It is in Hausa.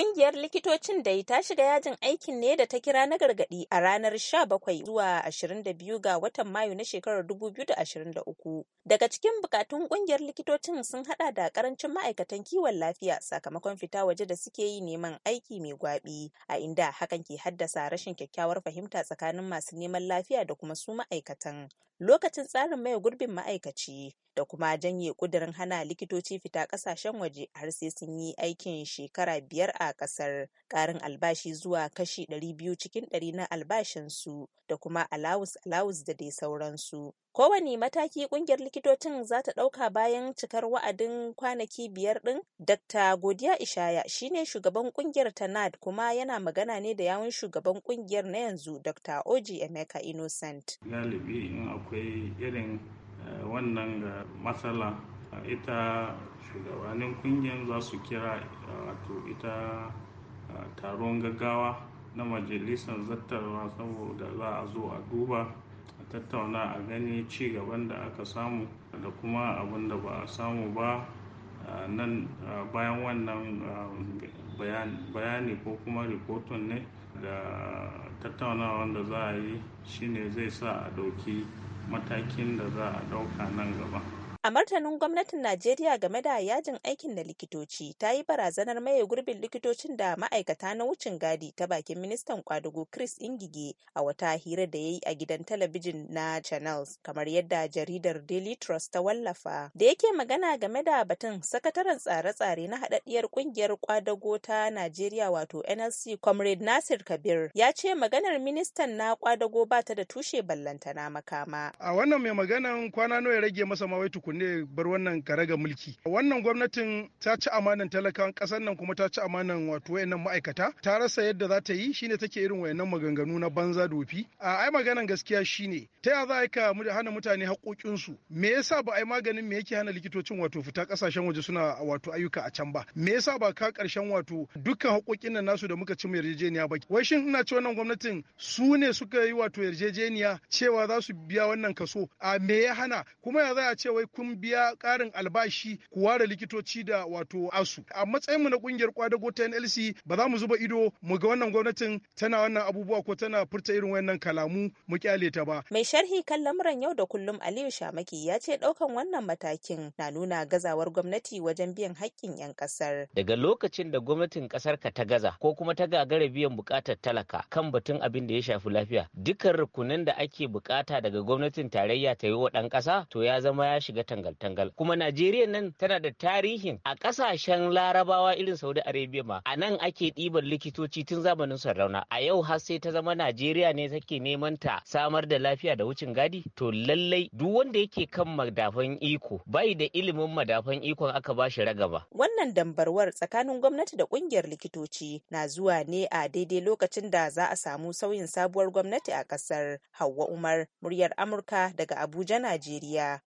Kungiyar likitocin dai ta shiga yajin aikin ne da ta kira na gargadi a ranar 17 zuwa 22 ga watan Mayu na shekarar 2023. Daga cikin bukatun kungiyar likitocin sun hada da karancin ma'aikatan kiwon lafiya sakamakon fita waje da suke yi neman aiki mai gwabi, a inda hakan ke haddasa rashin kyakkyawar fahimta tsakanin masu neman lafiya da kuma su ma'aikatan. Lokacin tsarin mai gurbin ma'aikaci da kuma janye kudirin hana likitoci fita kasashen waje har sai sun yi aikin shekara biyar a a kasar karin albashi zuwa kashi 200 cikin 100 na albashinsu da kuma alawus alawus da dai sauransu kowane mataki kungiyar likitocin za ta ɗauka bayan cikar wa'adin kwanaki biyar ɗin dr godiya ishaya shine shugaban kungiyar nad kuma yana magana ne da yawun shugaban kungiyar na yanzu dr oji emeka innocent galibi akwai irin eh, wannan eh, matsala ita shugabannin kungiyar za su kira wato ita taron gaggawa na majalisar zattarwa saboda za a zo a duba a tattauna a gani ci gaban da aka samu da kuma abin da ba a samu ba nan bayan wannan bayani ko kuma rikoton ne da tattaunawa da za a yi shine zai sa a ɗauki matakin da za a ɗauka nan gaba. A martanin gwamnatin Najeriya game da yajin aikin da likitoci ta yi barazanar maye gurbin likitocin da ma'aikata na wucin gadi ta bakin ministan kwadugo Chris Ingige a wata hira da ya yi a gidan talabijin na Channels kamar yadda jaridar Daily Trust ta wallafa. Da yake magana game da batun sakataren tsare-tsare na haɗaɗɗiyar ƙungiyar kwadago ta Najeriya wato NLC Comrade Nasir Kabir ya ce maganar ministan na kwadago ba ta da tushe ballantana makama. A wannan mai maganan kwana nawa ya rage masa mawai ne bar wannan karaga mulki wannan gwamnatin ta ci amanan talakan kasar nan kuma ta ci amanan wato wayannan ma'aikata ta rasa yadda za ta yi shine take irin wayannan maganganu na banza dofi a ai maganan gaskiya shine ta ya za a ka hana mutane haƙoƙinsu me yasa ba ai maganin me yake hana likitocin wato fita kasashen waje suna wato ayyuka a can ba me yasa ba ka karshen wato dukkan haƙoƙin nan nasu da muka ci yarjejeniya ba wai shin ina ce wannan gwamnatin su ne suka yi wato yarjejeniya cewa za su biya wannan kaso a me ya hana kuma ya za a ce wai kun biya ƙarin albashi ku ware likitoci da wato asu a matsayinmu na kungiyar kwadago ta NLC ba za mu zuba ido mu ga wannan gwamnatin tana wannan abubuwa ko tana furta irin wannan kalamu mu kyale ta ba mai sharhi kan lamuran yau da kullum Aliyu Shamaki ya ce ɗaukan wannan matakin na nuna gazawar gwamnati wajen biyan haƙƙin 'yan ƙasar daga lokacin da gwamnatin ƙasar ka ta gaza ko kuma ta gagara biyan buƙatar talaka kan batun abin da ya shafi lafiya dukkan rukunin da ake buƙata daga gwamnatin tarayya ta yi wa ɗan ƙasa to ya zama ya shiga tangal-tangal kuma najeriya nan tana da tarihin a ƙasashen larabawa irin saudi arabia ma a nan ake ɗiban likitoci tun zamanin sarrauna a yau har sai ta zama najeriya ne take neman ta samar da lafiya da wucin gadi to lallai duk wanda yake kan madafan iko bai da ilimin madafan ikon aka ba shi ragaba wannan dambarwar tsakanin gwamnati da ƙungiyar likitoci na zuwa ne a daidai lokacin da za a samu sauyin sabuwar gwamnati a ƙasar Hauwa Umar, muryar Amurka daga Abuja, Najeriya.